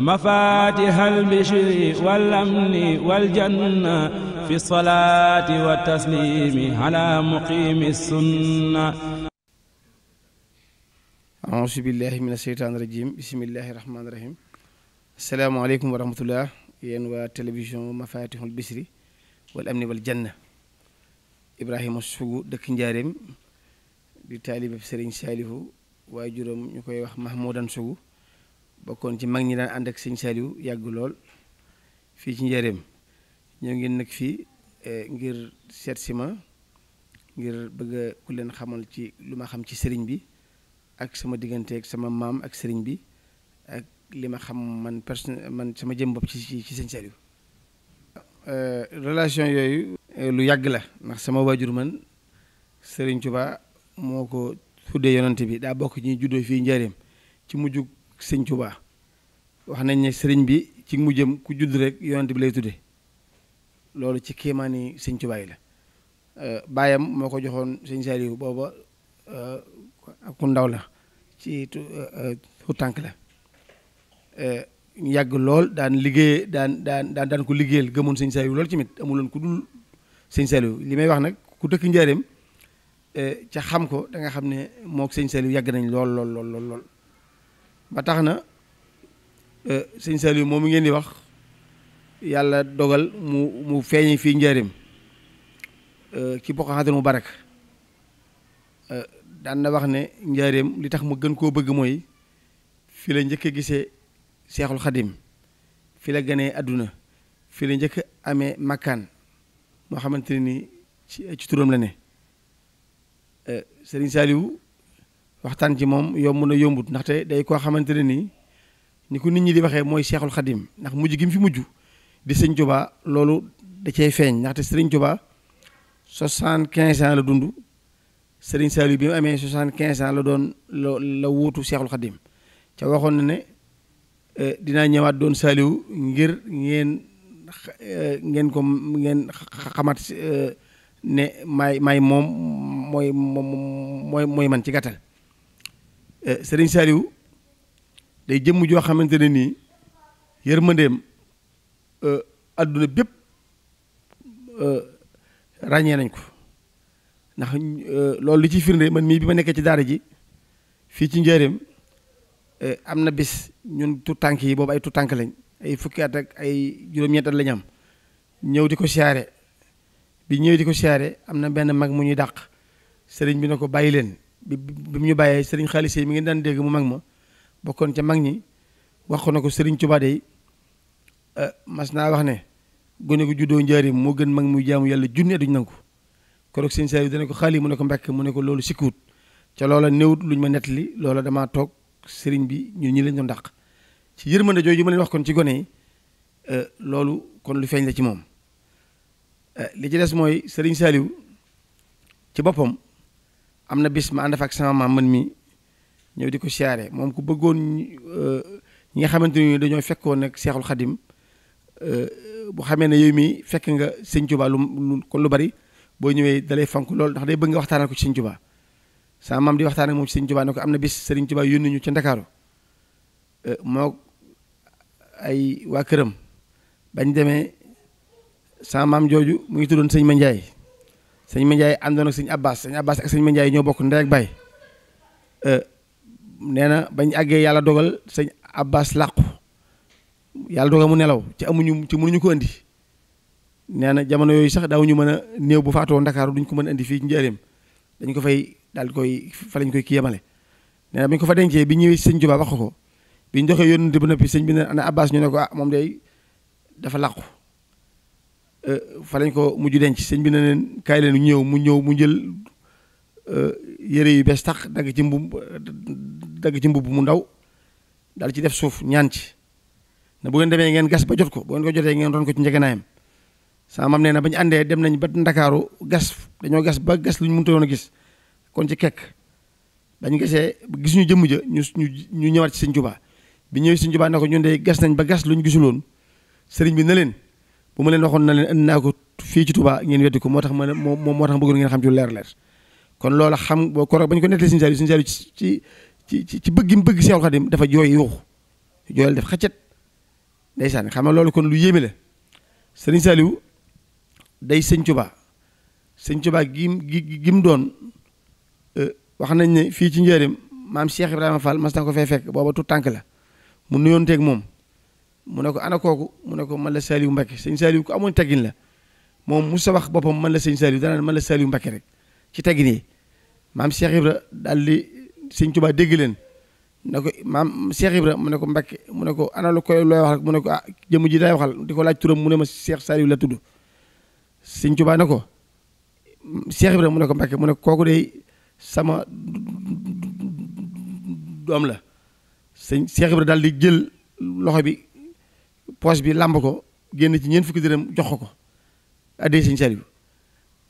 mafatihal bishri wal amni fi salaati wa taslimi ala muqimi sunna auzu waa télévision mafatihul bisri wal amni wal janna ibrahima sugu di taalibe sëriñ saalihu waaye ñu koy wax mahmoudan sugu bokkoon ci mag ñi daan ànd ak sëñ Saliou yàgg lool fii ci njëreem ñoo ngi nag fii eh, ngir seet si ma ngir bëgg ku leen xamal ci lu ma xam ci sëriñ bi ak sama diggante ak sama maam ak sëriñ bi ak li ma xam man personne man sama jëm bopp ci ci sëñ Saliou eh, relation yooyu eh, lu yàgg la ndax sama waajur man sëriñ Tuubaa moo ko tuddee yonante bi daa bokk ñi juddoo fii njëreem ci mujjug sëñ Tuubaa wax nañ ne sëriñ bi ci mujjam ku judd rek yonent lay tudde loolu ci kéemaani sëñ Tuubaa la euh, baayam moo ko joxoon sëñ Saliou booba euh, ku ndaw la ci tu euh, tànk la yàgg lool daan liggéey daan daan daan daan ko liggéeyal gëmoon sëñ Saliou lool ci mit ku dul sëñ Saliou li may wax nag ku dëkk njaareem ca xam ko danga xam ne moog sëñ Saliou yàgg nañ lool lool lool lool lool ba tax na euh, sëñ Saliou moom ngeen di wax yàlla dogal mu mu feeñi fii njëriñ euh, ci Porokhane mu barak euh, daan na wax ne njaareem li tax mu gën koo bëgg mooy fi la njëkk a gisee seexul xadim fi la gënee àdduna fi la njëkk amee makkaan moo xamante ne ni ci ci turam la ne Serigne Saliou waxtaan ci moom yomb na yombut ndaxte day koo xamante ne nii ni ko nit ñi di waxee mooy seexul xadim ndax mujj gi mu fi mujj di sëñ Tuba loolu da cay feeñ ndaxte sëriñ Tuba 75 ans la dund sëriñ Saliou bi mu amee 75 ans la doon la la wuutu seexul xadim ca waxoon na ne eh, dinaa ñëwaat doon Saliou ngir ngeen eh, ngeen ko ngeen xamat eh, ne may may moom mooy mooy mooy man ci gàttal. Eh, sëriñ Saliou day jëmm joo xamante ne nii yërmandeem àdduna eh, bépp eh, ràññee nañ ko ndax loolu li ci firnde man mii bi ma nekkee ci daara ji fii ci njëriñ am na bis ñun tànk yi boobu ay tutànk lañ ay fukki at ay juróom-ñeent at lañ am ñëw di ko siyaare bi ñëw di ko siyaare am na benn mag mu ñuy dàq sëriñ bi ne ko bàyyi leen bi bi mu ñu bàyyee sëriñ xaalis mi ngi daan dégg mu mag ma bokkoon ca mag ñi wax na ko sëriñ Tuubaa de euh, mas naa wax ne gone gu juddoo njaarim moo gën mag mu jaamu yàlla junne duñ nangu keroog sëriñ Saaliw dana ko xaali mu ne ko mbekk mu ne ko loolu sikkuut ca loola néewut luñ ma nettali loola damaa toog sëriñ bi ñu ñi lañ doon dàq ci yërmande jooju ma leen wax kon ci gone yi euh, loolu kon lu feeñ la ci moom euh, li ci des mooy sëriñ Saaliw ci boppam am na bis ma ànd ak sama maam man mii ñëw di ko siyaare moom ku bëggoon euh, ñi nga xamante ni dañoo fekkoon nag Seexul Xadim euh, bu xamee ne yow mi fekk nga Sëñ Tuubaa lu kon lu bari boo ñëwee dalay fonk lool ndax day bëgg nga waxtaanal ko ci Sëñ Tuubaa sama maam di waxtaan ak moom ci Sëñ Tuubaa ne am na bis Sëriñ yu yónni ñu ca Ndakaaru euh, moo ay waa këram bañ demee sama maam jooju mu ngi tuddoon sëñ Ma Njaay sëñ Mandiaye àndoon ak sëñ Abbas sëñ Abbas ak sëñ Mandiaye ñoo bokk ndey ak baay euh, nee na bañ àggee yàlla dogal sëñ Abbas làqu yàlla dogal mu nelaw ci amuñu ci mënuñu ko indi nee na jamono yooyu sax daawuñu mën a néew bu faatoo Ndakaaru duñ ko mën a indi fii ci dañ ko fay daal di koy fa lañ koy kii yemale. nee na bi ñu ko fa dencee bi ñëwee sëñ Juba wax ko ko bi ñu joxee yónni ba noppi sëñ bi ne ana Abbas ñu ne ko ah moom day dafa làqu. Euh, fa lañ ko mujj denc sëñ bi ne leen kaay leen ñëw mu ñëw mu jël euh, yére yi bees tax dagg ci mbub dagg ci mbubb mu ndaw daal ci def suuf ñaan ci ne bu ngeen demee ngeen gas ba jot ko bu ngeen ko jotee ngeen ron ko ci njëganaayam sama maam nee na bañ àndee dem nañ ba ndakaaru gas dañoo gas ba gas luñ mënta woon a gis kon ci kekk bañ gasee gis ñu jëmm ja ñu ñu ñëwaat ci sëñ Tuubaa bi ñëwee sëñ Tuubaa ne ko ñun de gas nañ ba gas luñ gisuloon sëriñ bi ne leen bu ma leen waxoon na leen indi naa ko fii ci Touba ngeen weddi ko moo tax ma ne moom moo tax bëggoon ngeen xam ci lu leer leer kon loola xam boo koro ba ñu ko nettali Sëriñ Saliou Sëriñ Saliou ci ci ci ci bëgg mu bëgg Seexul Xadim dafa jooy yuuxu jooyal def xaccet ndeysaan xam nga loolu kon lu yéeme la Sëriñ Saliou day sëñ Touba sëñ Touba gim gim doon euh, wax nañ ne fii ci njëriñ maam Cheikh Ibrahima Fall mas ko fee fekk booba tu tànk la mu nuyoonteeg moom. mu ne ko ana kooku mu ne ko man la Saliou Mbacké sëñ Saliou ko amoon teggin la moom mu sa wax boppam man la sëñ Saliou danaan man la Saliou rek ci teggin yi maam Cheikh Ibra daal di sëñ Tuubaa dégg leen na ko maam Cheikh Ibra mu ne ko Mbacké mu ne ko ana lu koy looy wax rek mu ne ko ah jëmm ji day waxal di ko laaj turam mu ne ma Cheikh Saliou la tudd sëñ ne ko Cheikh Ibra mu ne ko Mbacké mu ne kooku de sama doom la sëñ Cheikh Ibra daal di jël loxo bi poche bi làmb ko génn ci ñeent fukki dërëm jox ko ko addee sëñ Saliou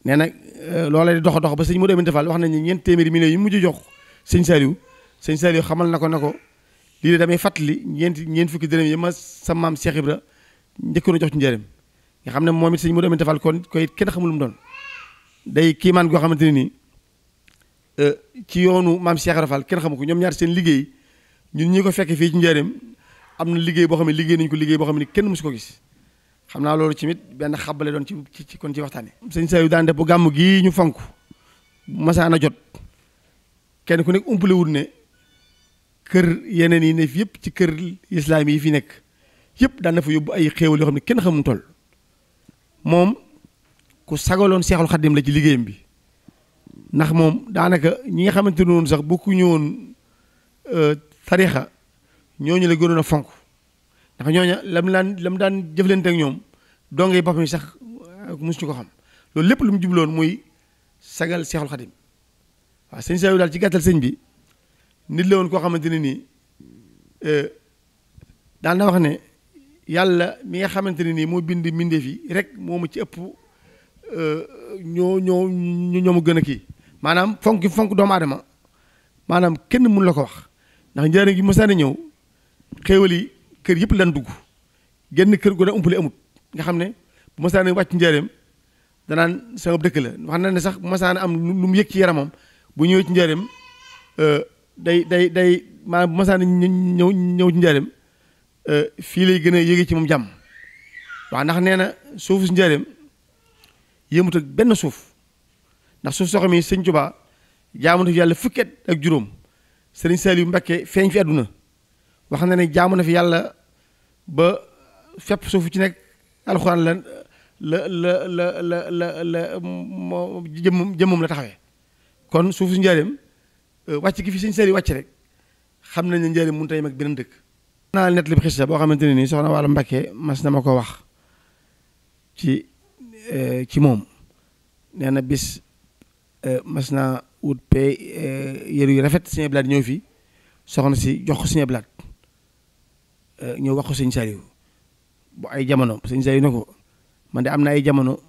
nee na euh, loola di dox dox ba sëñ Modou Aminta Fall wax nañ ne ñeent téeméeri millions yi mu mujj jox sëñ Saliou sëñ Saliou xamal na ko na ko lii damay fàttali ñeenti ñeent fukki dërëm yi ma sa maam Cheikh Ibra njëkkoon jox ci njëriñ nga xam ne moom it sëñ Modou Aminta Fall kon koy kenn xamul mu doon day kiimaan goo xamante ne nii euh, ci yoonu maam Cheikh Ibra kenn xamu ko ñoom ñaar seen liggéey ñun ñi ko fekk fii ci njëriñ am na liggéey boo xam ne liggéey nañu ko liggéey boo xam ne kenn mosu ko gis xam naa loolu tamit benn xabale doon ci ci kon ci waxtaane sëñ Saliou daan def bu gàmm gii ñu fonk masaan a jot kenn ku nekk umpale wul ne kër yeneen yi yëpp ci kër islaam yi fi nekk yëpp daan fa yóbbu ay xéewal yoo xam ne kenn xamul toll moom ku sagaloon seexul xaddim la ci liggéeyam bi ndax moom daanaka ñi nga xamante ne woon sax bokku ñëwoon euh, tarixa ñooñu la gënoon a fonk ndax ñoo lam daan lam daan jëflante ak ñoom donge yi boppam yi sax mosuñu ko xam loolu lépp lu mu jubloon muy sagal seexul xadim sëñ Saliou daal ci gàttal sëñ bi nit la koo xamante ne nii euh, daan wax ne yàlla mi nga xamante ne nii moo bind mbindeef yi rek moo ma ci ëpp euh, ñoo ñoo ñoo ma gën a kii maanaam fonk fonk doomu aadama maanaam kenn mun la ko wax ndax njëriñ gi mos a ñëw. xéewal yi kër yëpp lan dugg genn kër gu ne umpale amut nga xam ne bu masaana wàcc njaareem danaan sama dëkk la wax na ne sax bu am lu mu yëg ci yaramam bu ñëwee ci njaareem euh, day day day maanaam bu masaana ñëw ñëw ci njaareem euh, fii lay gën a yéege ci moom jàmm waaw ndax nee na suufu si njaareem yëmut benn suuf ndax suuf soo xam ne sëñ Tuubaa jaamutu yàlla fukket ak juróom sëriñ Saliou Mbacké feeñ fi àdduna wax na ne jaamu na fi yàlla ba fépp suufu ci nekk alxuraan la la la la la la la taxawe kon suuf su njaareem euh, wàcc gi fi suñ seeri wàcc rek xam nañ ne njaareem mënut a yem ak beneen dëkk. naa net li bi xista boo xamante ne nii soxna wàllu Mbàkke mas na ma ko wax ci euh, ci moom nee na bis euh, mas naa wut pay yëru yu rafet Sëñ Blaat ñëw fi soxna si jox ko Sëñ Eh, ñoo wax ko sëñ Saliou bu ay jamono sëñ Saliou ne ko man de am na ay jamono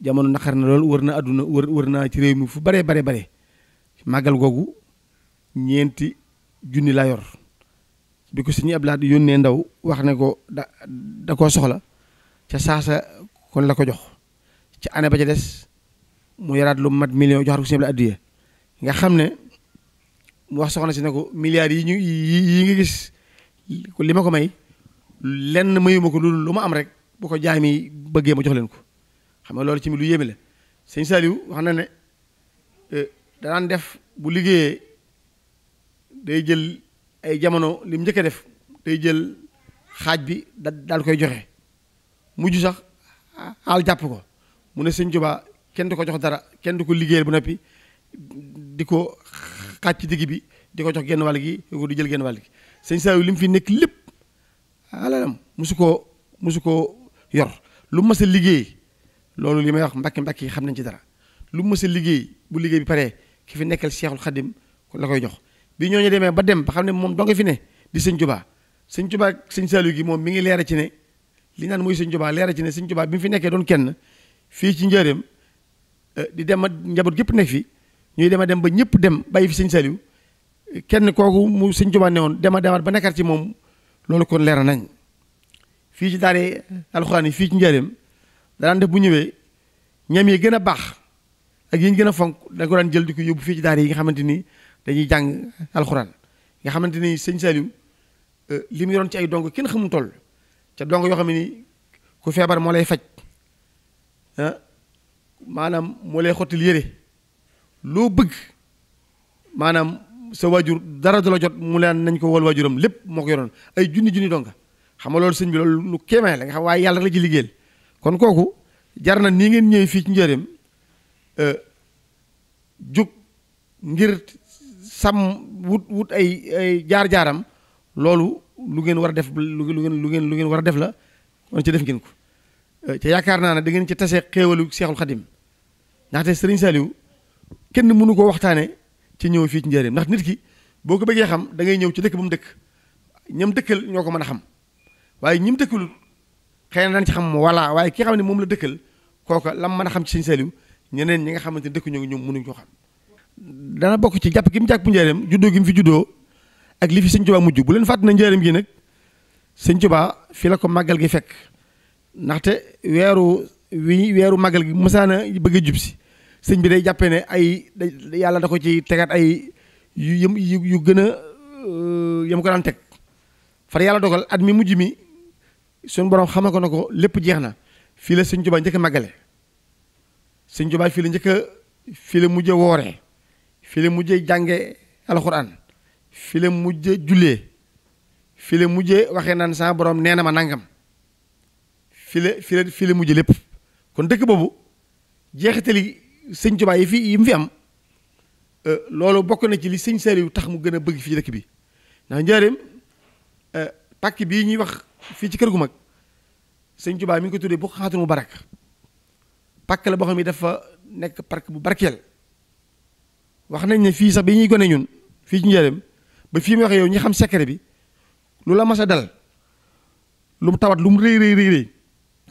jamono naqar na loolu wër na àdduna wër wër naa ci réew fu bare bare bare màggal googu ñeenti junni la yor bi ko sëñ Abdou Lahad yónnee ndaw wax ne ko da koo soxla ca saasa kon la ko jox ci année ba ca des mu yaraat lu mat million joxaat ko sëñ Abdou Lahad addiya nga xam ne mu wax soxna si ne ko milliards yi ñu yi nga gis li ma ko may lenn mayuma ko loolu lu ma am rek bu ko jaay mi bëggee ma jox leen ko xam nga loolu ci mi lu yéeme la sëñ Saliou wax na ne euh, danaan def bu liggéeyee day jël ay jamono li mu njëkk a def day jël xaaj bi da daal koy joxe mujj sax xaal jàpp ko mu ne sëñ Tuubaa kenn di ko jox dara kenn du ko liggéeyal bu noppi di ko xaaj ci digg bi di ko jox genn wal gi di jël genn wàll gi sëñ Saliou li mu fi nekk lépp alalam musu koo musu koo yor lu mës a liggéey loolu li may wax mbàkki mbàkki yi xam nañ ci dara lu mës a liggéey bu liggéey bi paree ki fi nekkal Seexul Xadim la koy jox bi ñooñu demee ba dem ba xam ne moom doo nga fi ne di sëñ Tuubaa sëñ sëñ Saliou gi moom mi ngi leera ci ne li naan mooy sëñ Tuubaa leera ci ne sëñ Tuubaa bi mu fi nekkee doon kenn fii ci njëreem eh, di dem a njaboot gépp nekk fi ñuy dem a dem ba ñëpp dem bàyyi fi sëñ Saliou kenn kooku mu sëñ Tuubaa ne woon dema demaat ba nekkaat ci moom loolu kon leer nañ fii ci daare alxuraan yi fii ci njëriñ danaan def bu ñëwee ñam yi gën a baax ak yi ñu gën a fonk da ko daan jël di ko yóbbu fii ci daare yi nga xamante ni dañuy jàng alxuraan nga xamante ni sëñ Saliou euh, li mu yoroon ci ay dong kenn xamul toll ca dong yoo xam ne ni ku feebar moo lay faj ah, maanaam moo lay xottil yére loo bëgg maanaam sa waajur dara du la jot mu leen nañ ko wol waajuram lépp moo ko yoroon ay junni junni donga xam nga loolu sëñ bi loolu lu kéemaay la nga xam waaye yàlla la ci liggéeyal kon kooku jar na nii ngeen ñëwee fii ci njëriñam euh, jug ngir sam wut wut ay ay jaar-jaaram loolu lu ngeen war a def lu ngeen lu ngeen lu ngeen war a def la kon ci def ngeen ko euh, te yaakaar naa ne da ngeen ci tasee xéewalu seexul xadim ndaxte sëriñ Saliou kenn mënu ko waxtaane ci ñëw fii ci njaareem ndax nit ki boo ko bëggee xam dangay ñëw ci dëkk ba mu dëkk ñam dëkkal ñoo ko mën a xam waaye ñim dëkkalul xëy na dañ ci xam walla waaye kii xam ne moom la dëkkal kooka lam mën a xam ci sëñ Saliou ñeneen ñi nga xamante ne dëkk ñoo ngi ñoom mënuñ koo xam dana bokk ci jàpp gi mu jàpp njaareem juddoo gi mu fi juddoo ak li fi sëñ Tuubaa mujj bu leen fàtt na njaareem gi nag sëñ Tuubaa fi la ko màggal gi fekk ndaxte weeru wi weeru màggal gi mësaana bëgg a jub si sëñ bi day jàppee ne ay yàlla da ko ci tegaat ay yu yëm yu gën a euh, yam ko daan teg far yàlla dogal at mi mujj mi suñu borom xamal ko na ko lépp jeex na fii la sëñ Tuubaa njëkk a màggale sëñ Tuubaa fii la njëkk a fii la mujj wooree fii la mujj jànge alxuraan fii la mujj jullee fii la mujjee waxee naan sama borom nee na ma nangam fii la fii mujj lépp kon dëkk boobu jeexitali sëñ Tuubaa yi fi yi fi am euh, loolu bokk na ci li sëñ Saliou tax mu gën a bëgg fii dëkk bi ndax njaareem euh, pàkk bii ñuy wax fii ci kër gu mag sëñ Tuubaa mi ngi ko tuddee bu xaatu mu barak pakk la boo xam ne dafa nekk park bu barkeel wax nañ ne fii sax bi ñuy gone ñun fii ci njaareem ba fii mu waxee yow ñi xam secret bi lu la mas a dal lu mu tawat lu mu rëy rëy rëy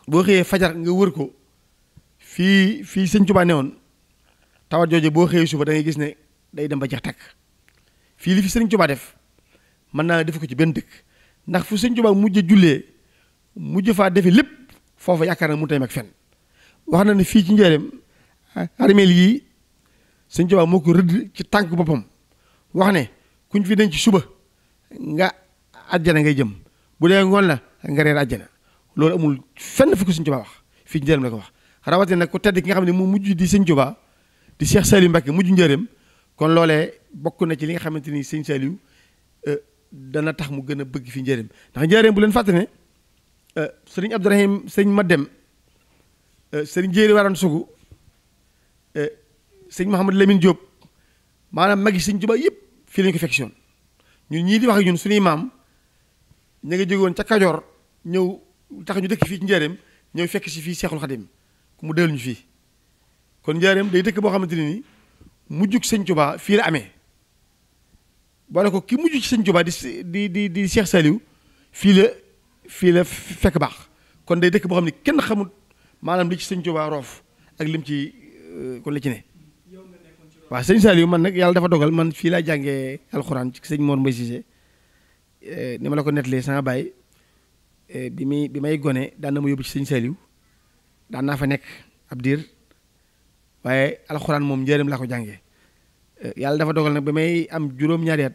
boo xëyee fajar nga wër ko fii fii sëñ Tuubaa ne woon tawat jooju boo xëyee suba da ngay gis ne day dem ba jeex takk fii li fi sëriñ Tuubaa def mën naa def ko ci benn dëkk ndax fu sëriñ Tuubaa mujj jullee mujj faa defe lépp foofu yaakaar na mu tey ak fenn wax na ne fii ci njëreem armeel yii sëriñ Tuubaa moo ko ci tànk boppam wax ne kuñ fi denc suba nga àjjana ngay jëm bu dee ngoon la nga reer àjjana loolu amul fenn fu ko sëriñ wax fii ci njëreem la ko wax rawatina nag ku tedd ki nga xam ne mu mujj di sëriñ Tuubaa di Cheikh Saliou Mbacké mujj njëreem kon loolee bokk na ci li nga xamante ni sëñ Saliou euh, dana tax mu gën a bëgg fi njëreem ndax njëreem bu leen fàtte ne euh, sëñ Abdourahim sëñ Madem euh, sëriñ Jéeri Warane Sougou sëñ ma lemin Diop maanaam mag magi sëñ Tuubaa yëpp fii lañu ko fekk si woon ñun ñii di wax ñun suñuy maam ña nga jóge woon ca Kajoor ñëw tax ñu dëkk fii ci njëreem ñëw fekk si fii Seexul Xadim ku mu dellu ñu fii kon njaareem day dëkk boo xamante ne nii mujjug sëñ Tuubaa fii la amee boole ko ki mujj ci sëñ di di di di fii la fii la fekk baax kon day dëkk boo xam ne kenn xamul maanaam li ci sëñ Tuubaa roof ak lim ci euh, kon la ci ne. waa sëñ Saliou man nag yàlla dafa dogal man fii laa jàngee alxuraan ci sëñ Mor Mbaye Cissé euh, ni ma la ko nettalee sama baay euh, bi muy may gone daan na ma yóbbu ci sëñ Saliou daan naa fa nekk ab diir waaye alxuraan moom njëriñ laa ko jànge eh, yàlla dafa dogal nag ba may am juróom-ñaari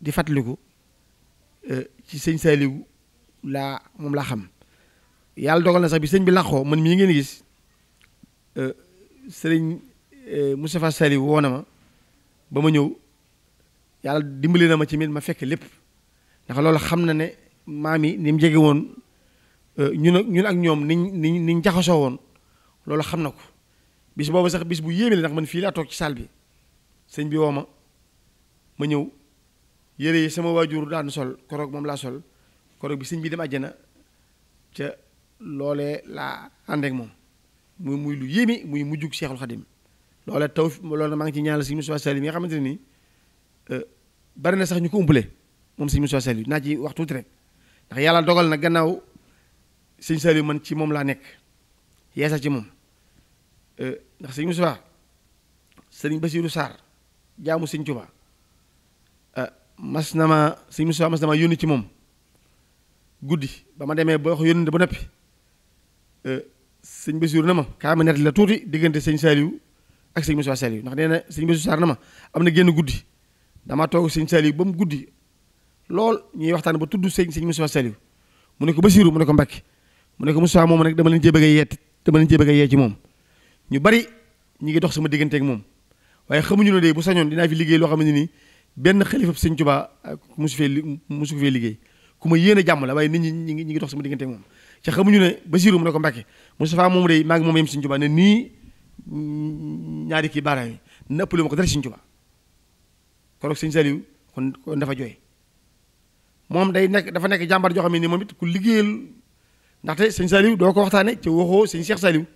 di di ko eh, ci sëñ Saliou laa moom laa xam yàlla dogal na sax bi sëñ bi làqoo man mii ngeen gis eh, sëriñ Moustapha Saliou woo na ba ma ñëw yàlla dimbali na ma ci mit ma fekk lépp ndax loolu xam na ne maam yi ni mu jege woon ñun ak ñun ak ñoom niñ niñ niñ jaxasoo woon loolu xam na ko bis boobu sax bis bu yéeme la ndax man fii laa toog ci salle bi sëñ bi woo ma ma ñëw yére yi sama waajur daan sol koroog moom laa sol koroog bi sëñ bi dem àjjana ca loole laa àndeek moom muy muy lu yéeme muy mujjug Seexul Xadim loolee taw loolu na maa ngi ci ñaanal sëñ Moussa Sall yi nga xamante ne nii euh, bari na sax ñu ko umpale moom sëñ Moussa Sall yi naa ci wax tuuti rek ndax yàlla dogal na gannaaw sëñ Sall yi man ci moom laa nekk yeesa ci moom Euh, ndax sëñ Moussa sëriñ Basiiru Sarr jaamu sëñ Tuubaa euh, mas na ma sëñ Moussa mas na ma yónni ci moom guddi ba ma demee boo wax yónni ba noppi euh, sëñ Basiiru na ma kaa ma nett la tuuti diggante sëñ Saliou ak sëñ Moussa Saliou ndax nee na sëñ Basiiru Sarr na ma am na génn guddi dama toog sëñ Saliou ba mu guddi lool ñuy waxtaan ba tudd sëñ sëñ Moussa Saliou mu ne ko Basiiru mu ne ko Mbakke mu ne ko Moussa moom nag dama leen cee bëgg a yee dama leen cee bëgg a yee moom ñu bari ñu ngi dox sama digganteek moom waaye xamuñu ne de bu sañoon dinaa fi liggéey loo xam ni nii benn xalifa sëñ Tuubaa ah, musu fee musu ko fee liggéey ku ma yéene jàmm la waaye nit ñi ñu ngi ñi ngi dox sama digganteeg moom ca xamuñu ne Basiru mu ne ko Mbàkke Moustapha moom de maa ngi moom yem sëñ Tuubaa ne nii ñaari kii baaraam yi na ëppale ma ko dara sëñ Tuubaa koroog sëñ Saliou kon kon dafa jooy moom day nekk dafa nekk jàmbar joo xam ne nii moom it ku liggéeyal ndaxte sëñ Saliou doo ko waxtaane ci waxoo sëñ Cheikh Saliou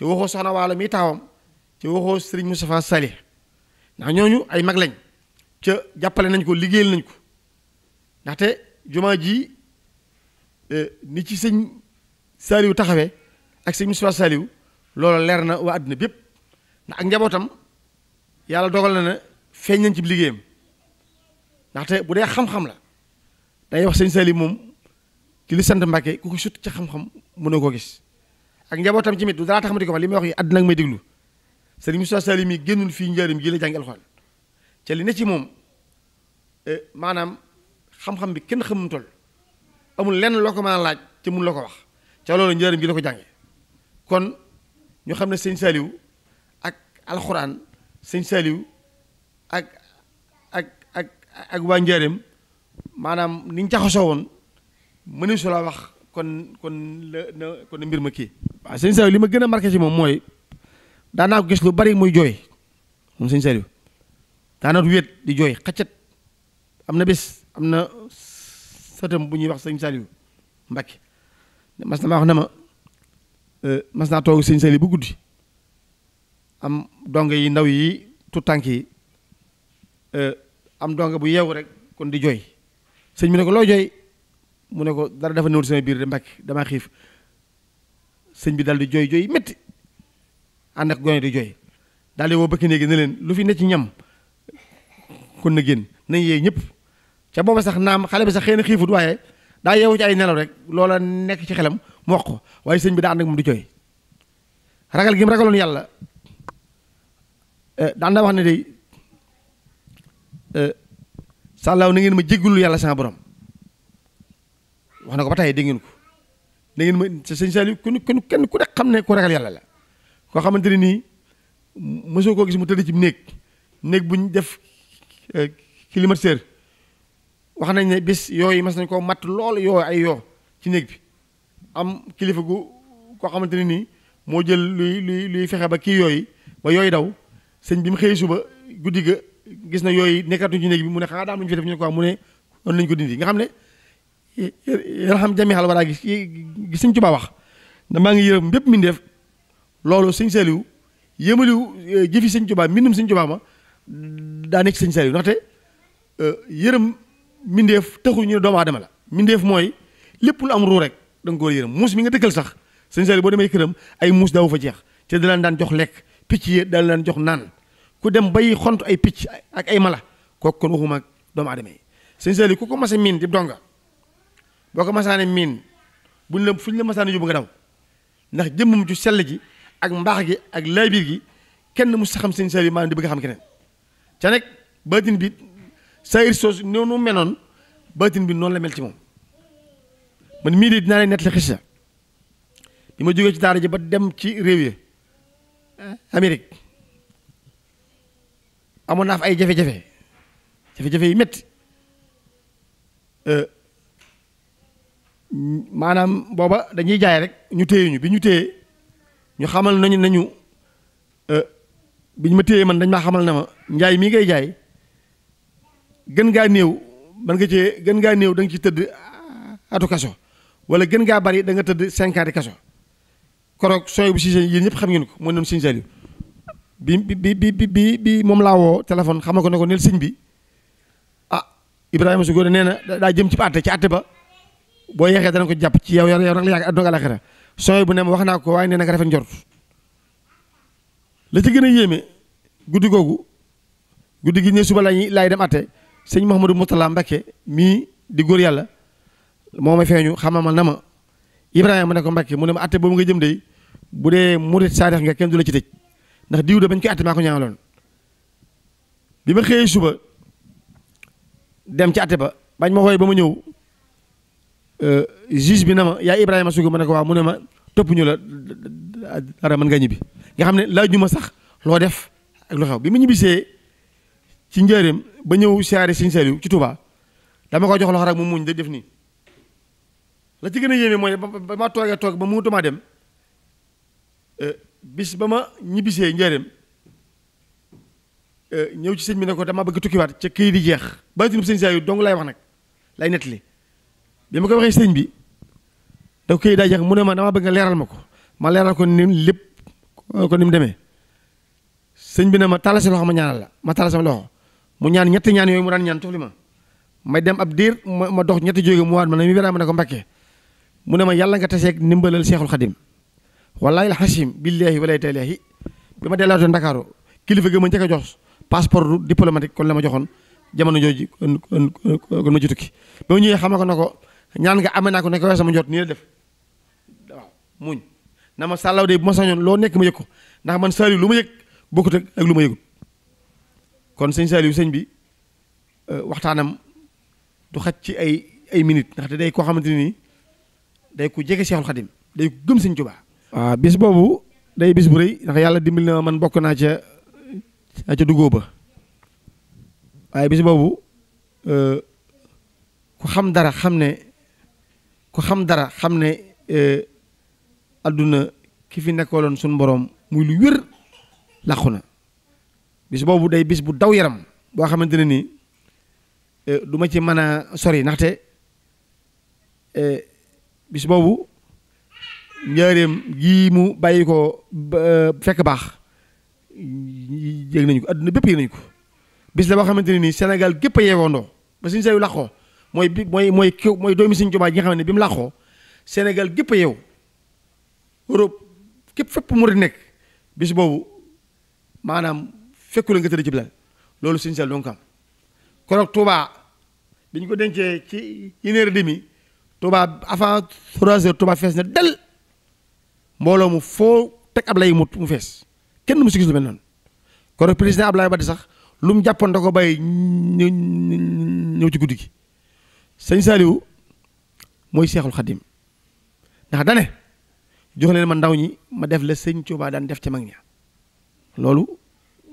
ci waxoo soxna waalo mii taawam ci waxoo sëriñ Moustapha Sali ndax ñooñu ay mag lañ ca jàppale nañ ko liggéeyal nañ ko ndaxte jumaa ji e, ni ci sëñ Saliou taxawee ak sëñ Moustapha Saliou loolu leer na waa àdduna bépp ndax ak njabootam yàlla dogal na na feeñ nañ ci liggéeyam ndaxte bu dee xam-xam la day wax sëñ Saliou moom ki li sant Mbàkke ku ko sut ci xam-xam mënoo koo gis ak njabootam ci mit du dara tax ma di ko wax li may wax yi àddina ak may déglu sëriñ Moussa Salim yi génnul fii njaarim ji la jàngi alxuraan ca li ci moom eh, maanaam xam bi kenn xamum toll amul lenn loo ko mën a laaj te mun la ko wax ca loolu njaarim ji la ko jànge kon ñu xam ne sëñ Saliou ak alxuraan sëñ Saliou ak ak ak waa njaarim maanaam niñ jaxasoo woon mënu su wax kon kon la kon mbir ma kii. waa sëñ Saliou li ma gën a marqué ci moom mooy daanaa gis lu bari muy jooy moom sëñ Saliou daanaa wéet di jooy xacat am na bés am na sëtam bu ñuy wax sëñ Saliou Mbacke mas na wax na ma euh, mas naa toog sëñ Saliou bu guddi am donga yi ndaw yi tout tànk yi euh, am donga bu yeewu rek kon di jooy sëñ bi ne ko loo jooy. mu ne ko dara dafa néew sama biir de Mbàkke damaa xiif sëñ bi dal di jooy joy métti ànd ak gone di joy daal di woo bëkk néegi ne leen lu fi ne ci ñam kon na génn nañ yee ñëpp ca booba sax naam xale bi sax xëy na xiifut waaye daa yeewu ci ay nelaw rek loola nekk ci xelam mu wax ko waaye sëñ bi daa ànd ak mu di jooy ragal gi mu yàlla eh, daan daa wax ne day eh, sàllaaw na ngeen ma jéggulu yàlla sama borom wax na ko ba ngeen ko da ngeen ma sëñ Saliou ku kenn ku xam ne ku ragal la koo xamante ne nii mosoo koo gis mu tëdd ci néeg néeg bu ñu def euh, climatiseur wax nañ ne bis yooyu mas nañ ko matt lool yoo ay yoo ci néeg bi am kilifa gu koo xamante ne nii moo jël luy luy luy fexe ba kii yooyu ba yooyu daw sëñ bi mu xëy suba guddi ga gis na yooyu nekkatuñ ci néeg bi mu ne xanaa daam lu ñu fi def ñu ne quoi mu ne noonu lañ ko dindi nga xam ne yéen xam jami xal waraa gis gi Sëñ Tuubaa wax na maa ngi yërëm bépp mbindeef loolu Sëñ Saliou yëmaliw eh, jëfi Sëñ Tuubaa mbindum Sëñ Tuubaa ma daa nekk Sëñ Saliou ndaxte eh, yërëm mbindeef taxul ñu ne doomu aadama la mbindeef mooy lépp lu am ruu rek da nga koo yërëm muus mi nga dëkkal sax Sëñ Saliou boo demee këram ay muus daawu fa jeex te daleen daan jox lekk picc yi daleen daan jox naan ku dem bay xont ay picc ak ay mala kooku kon waxuma ak doomu aadama yi Sëñ Saliou ko mas miin di boo ko masaane miin buñ la fuñ la masaan yóbbu nga daw ndax jëmmum ju sell ji ak mbaax gi ak laabiir gi kenn mu xam seen saa yi maanaam di bëgg a xam keneen ca nag baatin bi saayir soos noonu meloon baatin bi noonu la mel ci moom man mii de dinaa leen nettali xis bi ma jógee ci daara ji ba dem ci réew yi Amérique amoon naa fa ay jafe-jafe jafe-jafe yi métti euh, maanaam booba dañuy jaay rek ñu téye ñu bi ñu téye ñu xamal nañu nañu euh, bi ñu ma téye man dañ maa xamal na ma njaay mii ngay jaay gën ngaa néew man nga cee gën ngaa néew da nga ci tëdd atu kaso wala gën ngaa bari da nga tëdd cinquante kaso koroog sooy bu si yii ñëpp xam ngeen ko mooy noonu sëñ Saliou bi bi bi bi bi moom laa woo téléphone xamal ko ne ko neel sëñ bi ah Ibrahima Sugo nee na daa jëm ci àtte ci àtte ba boo yeexee danañ ko jàpp ci yow yow nag la yàgg àdduna ak bu ne ma wax naa ko waaye nee na nga rafet ci gën a yéeme guddi googu guddi gi ne suba lañuy laay dem atte sëñ Mouhamadou Moutala Mbakke mii di góor yàlla moo ma feeñu xamamal na ma Ibrahima ma ne ko Mbakke mu ne ma atte boobu nga jëm de bu dee murit saadix nga kenn du la ci tëj ndax diw de bañ koy atte maa ko ñaanaloon bi ma xëyee suba dem ci atte ba bañ ma xooy ba ma ñëw. Euh, juge bi na ma yaa Ibrahima Sougou ma ne ko waaw mu ne ma topp ñu la dara mën nga ñibbi nga xam ne laaj ñu ma sax loo def ak loxo bi mu ñibbisee ci njëriñ ba ñëw siyaare Sëriñ Saliou ci Touba dama ko jox loxo rek mu muñ da def nii la ci a yéeme mooy ba ma toogee toog ba mënutuma dem euh, bis ba ma ñibbisee njëriñ euh, ñëw ci sëñ bi ne ko dama bëgg tukkiwaat ca këyit di jeex baatinu Sëriñ Saliou dong lay wax nag lay nettali bi ma ko waxee sëñ bi da koy daa jàng mu ne ma dama bëgg nga leeral ma ko ma leeral ko ni lépp euh, ko ni mu demee sëñ bi na ma tàllal sa loxo ma ñaanal la ma tàllal sama loxo mu ñaan ñetti ñaan yooyu mu daan ñaan tufli ma may dem ab diir ma dox ñetti jóge mu waat ma ne ko mbakke mu ne ma yàlla nga taseeg ndimbalal seexul xadim wallaahi la xasim billaahi walay taalaahi bi ma dellaatoo ndakaaru kilifa gi ma njëkk a jox passeport diplomatique kon la ma joxoon jamono jooju kon ma ko na ko ñaan nga ame naa ko nekk waaye sama njot nii la def waaw muñ na ma sàllaw de bu loo nekk ma yëg ko ndax man Saliou lu ma yëg bokkut ak lu ma yëgut kon sëñ Saliou sëñ bi euh, waxtaanam du xaj ci ay ay minutes ndax day koo xamante ni day ku jege Seexul Xadim day ku gëm sëñ Tuubaa waaw bis boobu day bis bu rëy ndax yàlla dimbali na man bokk naa ca ca duggoo ba waaye bis boobu euh, ku xam dara xam ne ko xam dara xam ne àdduna euh, ki fi nekkooloon suñ boroom muy lu wér làqu na bis boobu day bis bu daw yaram boo xamante ne nii euh, duma ci mën a sori naxte euh, bis boobu njaareem gii mu bàyyi ko fekk baax yëg nañu ko àdduna bépp yëg nañu ko bis la boo xamante ne nii Sénégal gépp a yeewoondoo ba suñu sayu làqoo mooy bi mooy mooy ki mooy doomi Sëriñ Tuubaa ji nga xam ne bi mu làqoo Sénégal gépp yow Europe képp fépp di nekk bis boobu maanaam fekku la nga tëdd ci bilal loolu Sëriñ Saliou donc am keroog Touba bi ñu ko dencee ci une mi demi avant trois heures fees na del mbooloo mu foo teg lay mu mu fees kenn mu si mel noonu keroog président Ablaye Wade sax lu mu jàppoon da ko bàyyi ñëw ñëw ci guddi gi sëñ Saliou mooy seexul xadim ndax dane jox leen ma ndaw ñi ma def la sëñ Tuubaa daan def ca mag ña loolu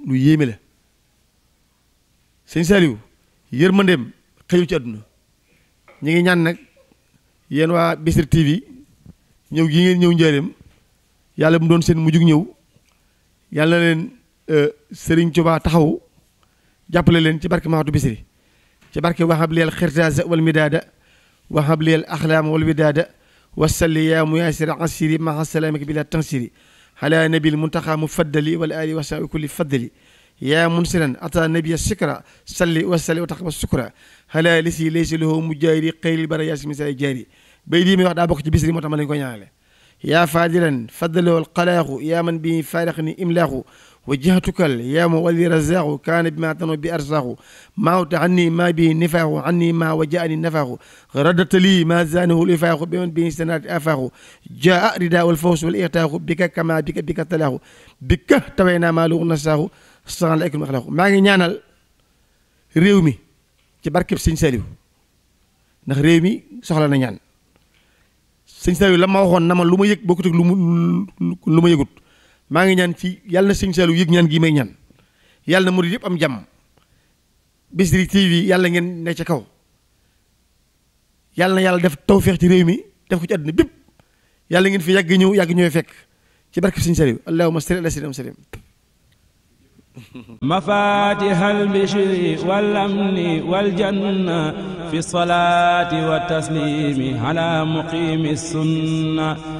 lu yéeme sëñ Saliou yërmandeem xëyu ci àdduna ñu ngi ñaan nag yéen waa Bichri TV ñëw gi ngeen ñëw njëriñam yàlla mu doon seen mujjug ñëw yàlla na leen euh, sëriñ Tuubaa taxawu jàppale leen ci barke Maodo Bichri ci barke waxab leel xirtaasa wal midaada waxab leel axlaama wal widaada wasalli yaa muyaasir ansiri maxa salaamika bila tansiri ala nabil muntaxa mu faddali wala ali wasawi kulli faddali yaa munsiran ata nabiya sikra salli wasalli wa taxaba sukra lisi laysa lahu mujaari xayril bara yaasi misaay jaari bay lii wax daa bokk ci bis ri moo tax ma lañu yaa faadilan faddalowal xalaaxu yaa man bi faarax ni imlaaxu wajjahtukal yaa mu wali razaaxu kaana bi ma tano bi arsaaxu maa bi nifaaxu an nii maa waja ani ifaaxu bi bi sanaati afaaxu jaa rida wal faws wal ixtaaxu bi kama bi ka talaaxu bi ka maa lugu nasaaxu saxan la ekum axlaaxu maa ngi ñaanal réew mi ci barkeb sëñ Saliou ndax réew mi soxla na ñaan sëñ Saliou la waxoon na ma lu ma yëg bokkut maa ngi ñaan ci yàlla na sëñ Saliou yëg ñaan gi may ñaan yàlla na murid yëpp am jàmm Bichri TV yàlla ngeen ne ca kaw yàlla na yàlla def tawféex ci réew mi def ko ci àdduna bépp yàlla ngeen fi yàgg ñëw yàgg ñëw fekk ci barke sëñ Saliou allahumma salli ala sayyidina Muhammad مفاتيح البشر والأمن والجنة في الصلاة والتسليم على مقيم السنة